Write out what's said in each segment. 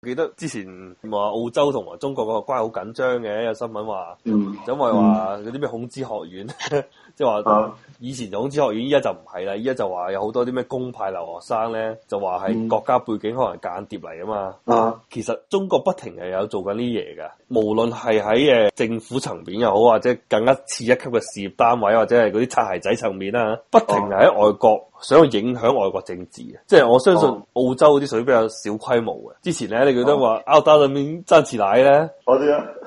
記得之前話澳洲同埋中國個關係好緊張嘅，有新聞話，嗯、因為話嗰啲咩孔子學院，即係話以前孔子學院，依家就唔係啦。依家就話有好多啲咩公派留學生咧，就話喺國家背景可能間諜嚟啊嘛。嗯、其實中國不停係有做緊呢嘢噶，無論係喺誒政府層面又好，或者更加次一級嘅事業單位，或者係嗰啲擦鞋仔層面啊，不停係喺外國。想去影響外國政治嘅，即係我相信澳洲啲水比較小規模嘅。之前咧，你記得話澳大利亞裏面爭錢奶咧，嗰啲咧。啊嗯啊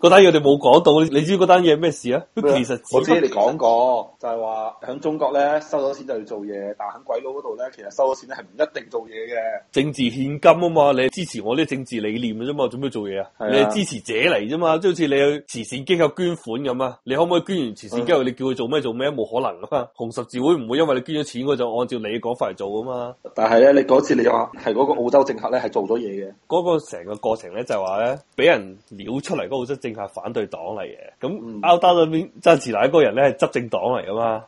嗰單嘢我哋冇講到，你知嗰單嘢咩事啊？麼其實我知你講過，就係話喺中國咧收咗錢就去做嘢，但係喺鬼佬嗰度咧，其實收咗錢咧係唔一定做嘢嘅。政治獻金啊嘛，你支持我啲政治理念嘅啫嘛，做咩做嘢啊？你係支持者嚟啫嘛，即好似你去慈善機構捐款咁啊？你可唔可以捐完慈善機構，嗯、你叫佢做咩做咩？冇可能啊！紅十字會唔會因為你捐咗錢，我就按照你講法嚟做啊嘛？但係咧，你嗰次你話係嗰個澳洲政客咧係做咗嘢嘅，嗰個成個過程咧就係話咧俾人秒。出嚟嗰個澳洲政客，反對黨嚟嘅。咁歐丹裏邊暫時嚟嗰個人咧係執政黨嚟噶嘛？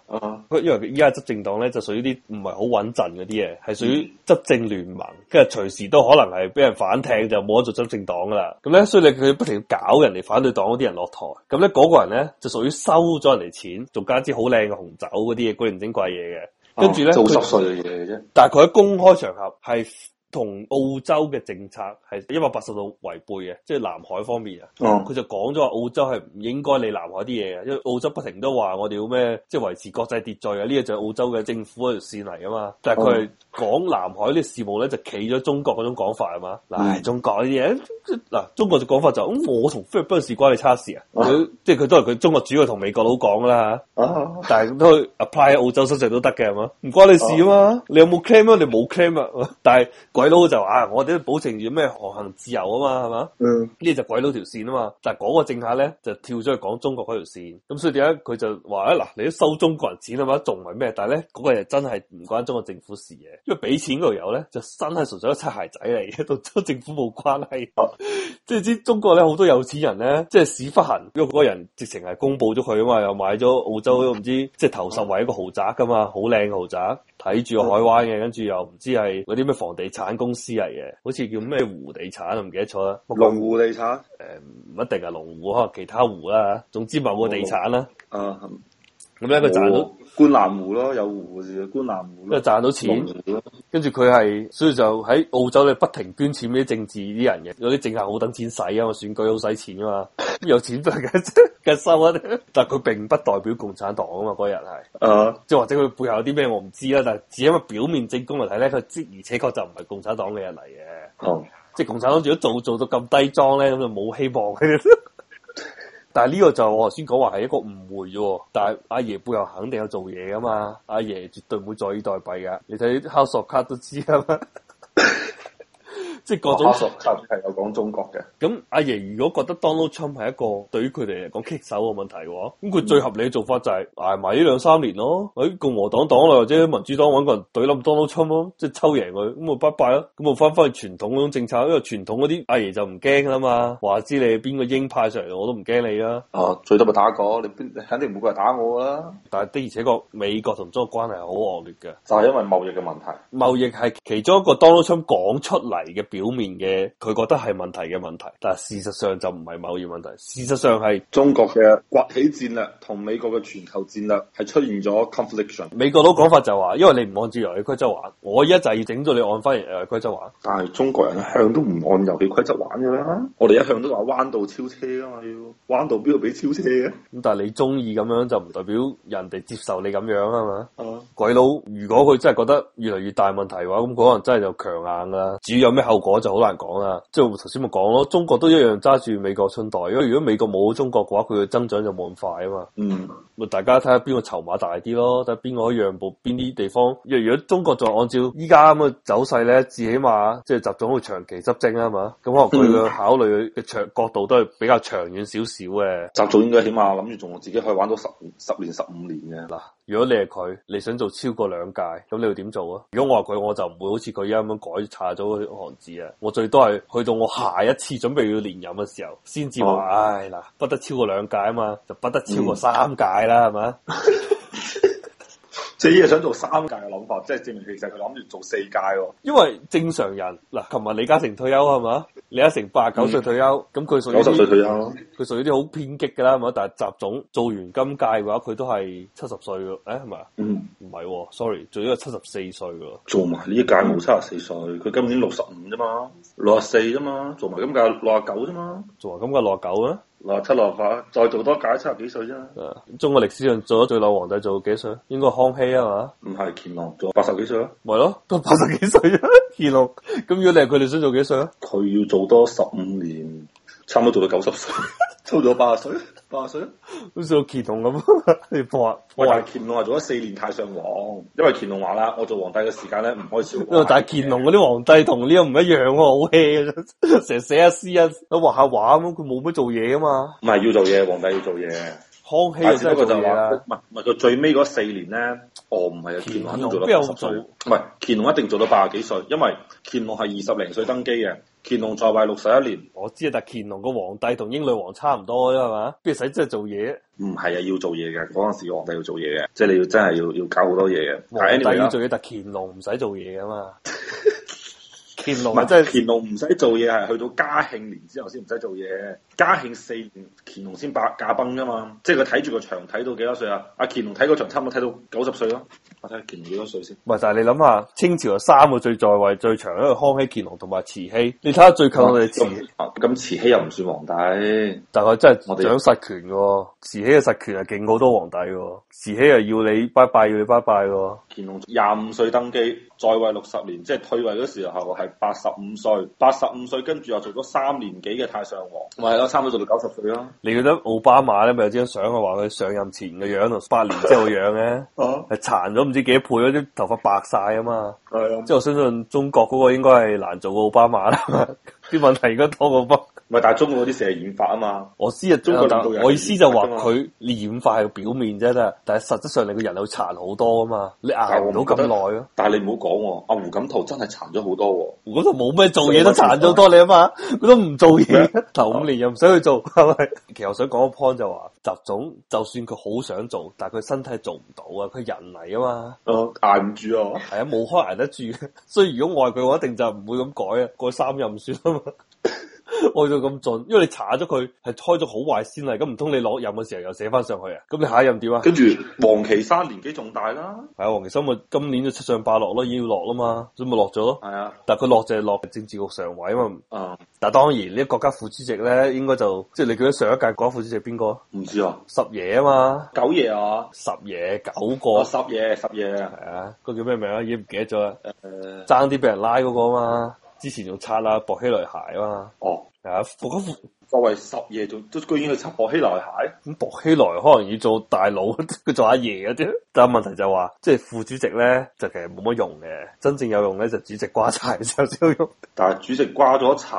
因為佢依家執政黨咧就屬於啲唔係好穩陣嗰啲嘢，係屬於執政聯盟，跟住、嗯、隨時都可能係俾人反艇，就冇得做執政黨㗎啦。咁咧，所以你佢不停搞人哋反對黨嗰啲人落台。咁咧，嗰、那個人咧就屬於收咗人哋錢，仲加一支好靚嘅紅酒嗰啲嘢，古靈精怪嘢嘅。跟住咧做濕碎嘅嘢啫。但係佢喺公開場合係，同澳洲嘅政策係一百八十度違背嘅，即係南海方面啊，佢、嗯、就講咗話澳洲係唔應該理南海啲嘢嘅，因為澳洲不停都話我哋要咩，即係維持國際秩序啊，呢個就係澳洲嘅政府嗰條線嚟啊嘛。但係佢係講南海啲事務咧，就企咗中國嗰種講法係嘛？嗱，是中國啲嘢，嗱，中國嘅講法就咁、我同菲律賓事關你差事啊、嗯，即係佢都係佢中國主要同美國佬講啦，但係都 apply 喺澳洲身上都得嘅係嘛？唔關你事啊嘛，你有冇 claim 啊？你冇 claim 啊，但係。鬼佬就話，我哋都保證住咩航行自由啊嘛，係嘛？嗯，呢就鬼佬條線啊嘛，但係嗰個政客咧就跳出去講中國嗰條線，咁所以點解佢就話啊嗱，你都收中國人錢啊嘛，仲係咩？但係咧嗰個又真係唔關中國政府事嘅，因為俾錢嗰度有咧就真係純粹一擦鞋仔嚟，嘅，同 中國政府冇關係。即係知中國咧好多有錢人咧，即係屎忽痕，因為有個人直情係公布咗佢啊嘛，又買咗澳洲唔知即係頭十圍一個豪宅噶嘛，好靚嘅豪宅，睇住海灣嘅，跟住又唔知係嗰啲咩房地產。公司嚟嘅，好似叫咩湖地產啊，唔記得錯啦。龍湖地產，誒，唔一定係龍湖，其他湖啦，總之某個地產啦。啊。Uh huh. 咁咧，佢賺到、哦、觀南湖咯，有湖嘅觀南湖，即係賺到錢。跟住佢係，所以就喺澳洲咧，不停捐錢俾啲政治啲人嘅。嗰啲政客好等錢使啊嘛，選舉好使錢啊嘛，有錢都係嘅收啊。 但係佢並不代表共產黨啊嘛，嗰日係，即係或者佢背後有啲咩我唔知啦。但係只因為表面政宮嚟睇咧，佢即而且確就唔係共產黨嘅人嚟嘅。哦，即係共產黨如果做做到咁低莊咧，咁就冇希望。但係呢個就我頭先講話係一個誤會啫喎，但係阿爺背後肯定有做嘢噶嘛，阿爺絕對唔會坐以待斃嘅，你睇 House of Cards 都知㗎嘛。 即係嗰種，係、啊、有講中國嘅。咁阿、啊、爺如果覺得 Donald Trump 係一個對於佢哋嚟講棘手嘅問題喎，咁佢最合理嘅做法就係捱埋呢兩三年咯。喺、哎、共和黨黨內或者民主黨揾個人懟冧 Donald Trump 咯，即係抽贏佢，咁啊拜拜啦，咁啊翻返去傳統嗰種政策，因為傳統嗰啲阿爺就唔驚啦嘛。話知你係邊個鷹派上嚟，我都唔驚你啦、啊。啊，最多咪打過，你邊肯定唔會過嚟打我啊。但係的而且確美國同中國關係係好惡劣嘅，就係因為貿易嘅問題。貿易係其中一個 Donald Trump 講出嚟嘅表面嘅佢覺得係問題嘅問題，但係事實上就唔係某樣問題。事實上係中國嘅崛起戰略同美國嘅全球戰略係出現咗 confliction。美國佬講法就話、是，因為你唔按遊戲嘅規則玩，我一就係要整咗你按翻遊戲嘅規則玩。但係中國人一向都唔按遊戲規則玩噶啦，我哋一向都話彎道超車啊嘛，要彎道邊度俾超車嘅。咁但係你中意咁樣就唔代表人哋接受你咁樣啊嘛。Uh huh. 鬼佬如果佢真係覺得越嚟越大問題嘅話，咁佢可能真係就強硬啦。至於有咩後果、嗯、就好難講啦，即係我頭先咪講咯，中國都一樣揸住美國春袋。因為如果美國冇中國嘅話，佢嘅增長就冇咁快啊嘛。嗯，咪大家睇下邊個籌碼大啲咯，睇下邊個可以讓步，邊啲地方。因為如果中國再按照依家咁嘅走勢咧，至起碼即係習總會長期執政啊嘛，咁可能佢嘅考慮嘅長角度都係比較長遠少少嘅。嗯、習總應該起碼諗住仲自己可以玩到十十年、十五年嘅嗱。如果你係佢，你想做超過兩屆，咁你會點做啊？如果我話佢，我就唔會好似佢一樣咁樣改查咗啲行字啊！我最多係去到我下一次準備要連任嘅時候，先至話，啊、唉嗱，不得超過兩屆啊嘛，就不得超過三屆啦，係咪啊？即係想做三屆嘅諗法，即係證明其實佢諗住做四屆。因為正常人嗱，琴日李嘉誠退休係嘛。李嘉誠八九歲退休，咁佢屬於九十歲退休咯。佢屬於啲好偏激噶啦，係嘛？但係習總做完今屆嘅話，佢都係七十歲咯。誒、欸，係嘛？嗯，唔係、哦，sorry，做咗個七十四歲噶。做埋呢一屆冇七十四歲，佢今年六十五啫嘛，六十四啫嘛，做埋今屆六十九啫嘛，做埋今屆六十九啊。嗱，七老八，再做多屆七十幾歲啫。中國歷史上做咗最老皇帝做幾歲？應該康熙啊嘛。唔係乾隆做，八十幾歲咯。咪咯，都八十幾歲。乾隆咁 如果你係，佢哋想做幾歲啊？佢要做多十五年，差唔多做到九十歲， 做咗八十歲。八歲，好似個乾隆咁。 你破啊！我係乾隆啊，做咗四年太上皇。因為乾隆話啦，我做皇帝嘅時間咧唔開少。因為但係乾隆嗰啲皇帝同呢個唔一樣，好 hea 嘅，成日寫下詩啊，都畫下畫咁，佢冇乜做嘢啊嘛。唔係要做嘢，皇帝要做嘢。康熙 是真係做嘅啦。唔係唔係，最尾嗰四年咧，哦，唔係啊。乾隆一定做到十歲，唔係乾隆一定做到八十幾歲，因為乾隆係二十零歲登基嘅。乾隆在位六十一年，我知啊，但乾隆個皇帝同英女王差唔多啫，係嘛？跟住使真係做嘢。唔係啊，要做嘢嘅，嗰陣時皇帝要做嘢嘅，即係你要真係要要搞好多嘢嘅。皇帝要做嘢，但乾隆唔使做嘢噶嘛 乾。乾隆唔係，乾隆唔使做嘢係去到嘉慶年之後先唔使做嘢。嘉慶四年，乾隆先八駕崩噶嘛，即係佢睇住個場睇到幾多歲啊？阿乾隆睇個場差唔多睇到九十歲咯。我睇下乾隆幾多歲先看看？唔係，但係你諗下，清朝有三個最在位最長，一個康熙、乾隆同埋慈禧。你睇下最近我哋咁慈，慈禧又唔算皇帝，但係、就是、真係掌握實權嘅我哋。慈禧嘅實權係勁好多皇帝嘅，慈禧又要你拜拜，要你拜拜嘅。乾隆廿五歲登基。在位六十年，即係退位嗰時候係八十五歲，八十五歲跟住又做咗三年幾嘅太上皇，咪係咯，差唔多做到九十歲咯。你覺得奧巴馬咧咪有張相啊？話佢上任前嘅樣同八年之後嘅樣咧，係殘咗唔知幾多倍咯，啲頭髮白晒啊嘛，即係 我相信中國嗰個應該係難做過奧巴馬啦。 啲問題而家多過不，唔係，但係中國啲成日染髮啊嘛，我知啊，中國大陸我意思就話佢染髮係表面啫，但係實質上你個人係殘好多啊嘛，你捱唔到咁耐咯。但係你唔好講我，阿胡錦濤真係殘咗好多，胡錦濤冇咩做嘢都殘咗多你啊嘛，佢都唔做嘢，頭五麼年又唔使去做，係咪、啊？ 其實我想講個 point 就話、是，習總就算佢好想做，但係佢身體做唔到啊，佢人嚟啊嘛，呃捱唔住啊，係啊冇可能捱得住，所以如果我係佢我一定就唔會咁改啊，過三任算啊。愛到咁盡，因為你查咗佢係開咗好壞先例，咁唔通你落任嘅時候又寫翻上去啊？咁你下一任點啊？跟住王岐山年紀仲大啦，係啊，王岐山咪今年就七上八落咯，已經要落啦嘛，咁咪落咗咯。係啊，但係佢落就係落政治局常委啊嘛。啊、嗯，但係當然呢個國家副主席咧，應該就即係你記得上一屆國家副主席邊個？唔知啊，十爺啊嘛，九爺啊，十爺九個，哦、十爺十爺係啊，個叫咩名啊？已經唔記得咗啦，爭啲俾人拉嗰個啊嘛。之前仲擦啦，薄熙來鞋啊嘛，哦，係啊博嗰副。作為十爺，仲居然去插薄熙來鞋？咁薄熙來可能要做大佬，佢做阿爺嘅啫。 但係問題就話、是，即係副主席咧，就其實冇乜用嘅。真正有用咧，就主席瓜柴先有用。但係主席瓜咗柴，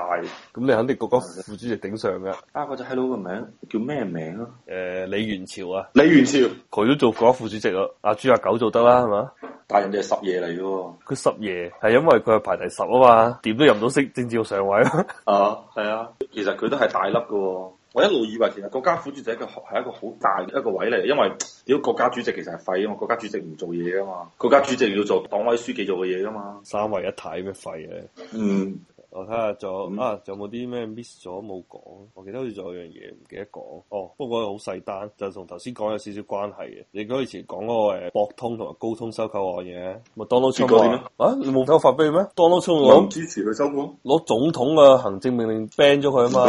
咁你肯定個個副主席頂上嘅。啊，嗰隻大佬嘅名叫咩名啊？誒、呃，李元朝啊，李元朝，佢都做嗰個副主席啊。阿豬阿狗做得啦，係嘛？但係人哋係十爺嚟嘅，佢十爺係因為佢係排第十啊嘛，點都入唔到升政治上位咯。 啊，係啊，其實佢都係。大粒嘅，我一路以為其實國家副主席嘅係一個好大嘅一個位嚟，因為如果國家主席其實係廢，啊嘛，國家主席唔做嘢啊嘛，國家主席要做黨委書記做嘅嘢啊嘛，三位一體咩廢嘅？嗯。我睇下仲有、嗯、啊，仲有冇啲咩 miss 咗冇講？我記得好似仲有樣嘢唔記得講。哦，不過好細單，就同頭先講有少少關係嘅。你嗰以前講嗰、那個誒博、欸、通同埋高通收購案嘢，咪 Donald Trump 咗邊咧？啊，麼啊你冇偷發俾咩？？Donald Trump 我支持佢收購，攞總統嘅行政命令 ban 咗佢啊嘛。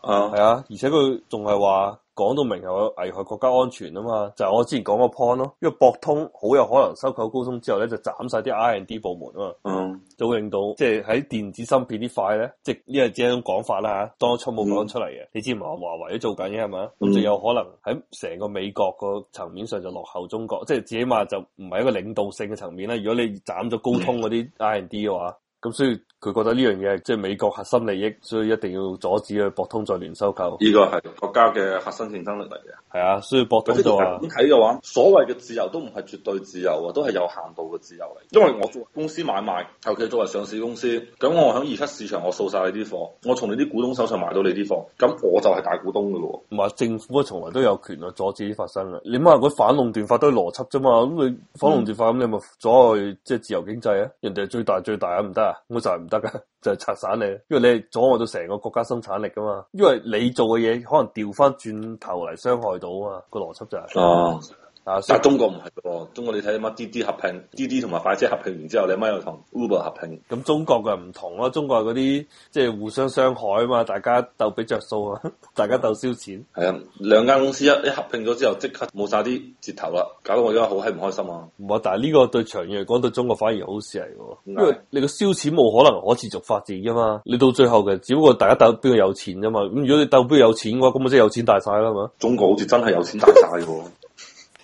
啊，係啊，而且佢仲係話。嗯講到明係危害國家安全啊嘛，就係、是、我之前講個 point 咯，因為博通好有可能收購高通之後咧就斬晒啲 R N D 部門啊嘛，嗯，就會令到即係喺電子芯片塊呢塊咧，即係呢個只係一種講法啦吓，當初冇講出嚟嘅，嗯、你知唔知華為都做緊嘢係嘛，咁就有可能喺成個美國個層面上就落後中國，即係至起碼就唔、是、係一個領導性嘅層面啦。如果你斬咗高通嗰啲 R N D 嘅話。嗯嗯咁所以佢覺得呢樣嘢即係美國核心利益，所以一定要阻止佢博通再聯收購。呢個係國家嘅核心競爭力嚟嘅，係啊。所以博通呢度，咁睇嘅話，所謂嘅自由都唔係絕對自由啊，都係有限度嘅自由嚟。因為我公司買賣，尤其作為上市公司，咁我響二級市場我掃晒你啲貨，我從你啲股東手上買到你啲貨，咁我就係大股東噶咯。唔係政府啊，從來都有權去阻止啲發生嘅。你冇話嗰反壟斷法都係邏輯啫嘛？咁你反壟斷法咁，嗯、你咪阻礙即係自由經濟啊？人哋係最大最大啊，唔得。我 就係唔得噶，就係、是、拆散你，因為你係阻礙到成個國家生產力噶嘛，因為你做嘅嘢可能掉翻轉頭嚟傷害到嘛、那個、啊個邏輯就係。啊、但中國唔係、哦，中國你睇下乜滴滴合併，滴滴同埋快車合併完之後，你咪媽又同 Uber 合併。咁中國嘅唔同咯，中國嗰啲、啊、即係互相傷害啊嘛，大家鬥比着數啊，大家鬥燒錢。係啊、嗯，兩間公司一一合併咗之後，即刻冇晒啲折頭啦，搞到我而家好係唔開心啊。唔係，但係呢個對長遠嚟講，對中國反而好事嚟嘅，為因為你個燒錢冇可能可持續發展噶嘛。你到最後嘅只不過大家鬥邊個有錢啫嘛。咁如果你鬥邊個有錢嘅話，咁咪即係有錢大晒啦嘛。中國好似真係有錢大晒嘅。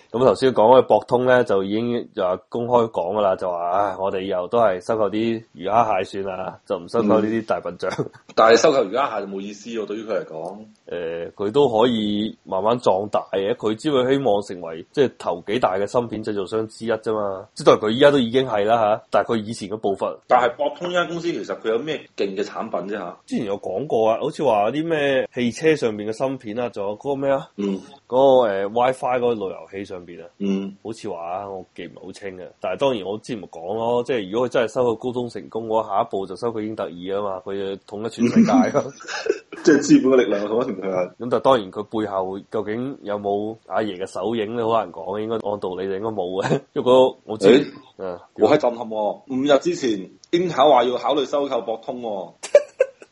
咁頭先講嗰個博通咧，就已經就話公開講噶啦，就話唉，我哋以後都係收購啲魚蝦蟹算啦，就唔收購呢啲大笨象、嗯。但係收購魚蝦蟹就冇意思喎，對於佢嚟講。誒、呃，佢都可以慢慢壯大嘅，佢只會希望成為即係頭幾大嘅芯片製造商之一啫嘛。即係佢依家都已經係啦嚇，但係佢以前嘅步伐。但係博通呢間公司其實佢有咩勁嘅產品啫嚇？之前有講過啊，好似話啲咩汽車上面嘅芯片啊，仲有嗰個咩啊，嗰、嗯、個誒 WiFi 嗰個路由器上。分別啊，嗯，好似話我記唔係好清嘅，但係當然我之前咪講咯，即係如果佢真係收購高通成功嘅話，下一步就收購英特爾啊嘛，佢就統一全世界咯，嗯、 即係資本嘅力量咁啊，係咁， 但係當然佢背後究竟有冇阿爺嘅手影咧，好難講，應該按道理就應該冇嘅。不 過我自知，欸嗯、我係震撼、啊，五日之前英特爾話要考慮收購博通、啊。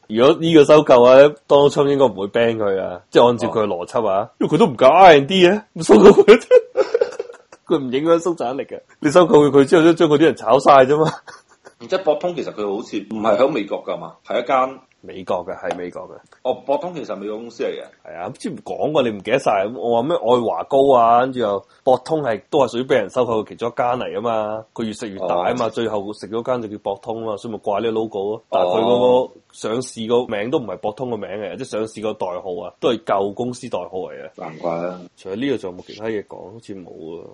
如果呢個收購啊，當初應該唔會 ban 佢啊，即係按照佢嘅邏輯啊，因為佢都唔夠 R and D 啊，收購佢，佢唔影響生產力嘅，你收購佢，佢之後都將啲人炒晒啫嘛。而家博通其實佢好似唔係喺美國噶嘛，係一間。美國嘅係美國嘅，哦，博通其實美國公司嚟嘅，係啊，唔知唔講喎，你唔記得晒。我話咩愛華高啊，跟住又博通係都係屬於俾人收購嘅其中一間嚟啊嘛，佢越食越大啊嘛，哦、最後食咗間就叫博通咯，啊，所以咪掛呢個 logo 咯，啊。但係佢嗰個上市個名都唔係博通個名嚟嘅，即係上市個代號啊，都係舊公司代號嚟嘅。難怪啊，除咗呢個仲有冇其他嘢講？好似冇啊。